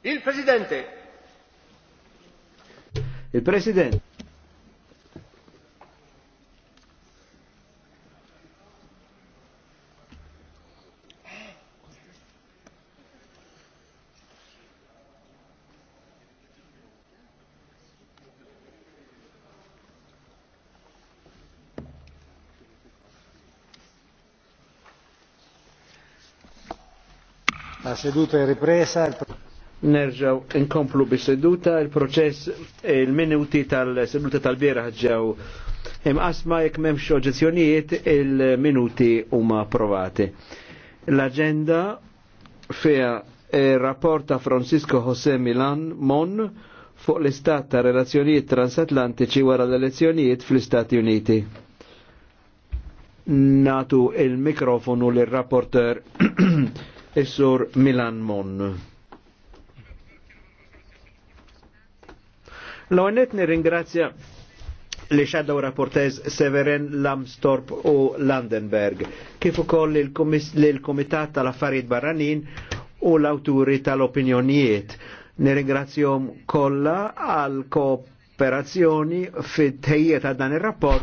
Il-Presidente. il presidente La seduta è ripresa nerġaw inkomplu bi seduta il-proċess il-minuti tal-seduta tal bjera ġew imqasma jek memx oġezzjonijiet il-minuti huma approvati. l agenda feja eh, rapport Francisco José Milan Mon fuq l-istat ta' relazzjonijiet transatlantiċi wara l-elezzjonijiet fl-Istati Uniti. Natu il-mikrofonu l-rapporter is Milan Mon. L-għonet nirringrazzja li xaddaw rapportez Severen Lamstorp u Landenberg, kif ukoll l-Komitat tal-Affarijiet Barranin u l-awturi tal-opinjonijiet. Nirringrazzjom kolla għal kooperazzjoni fit-tejjeta dan ir-rapport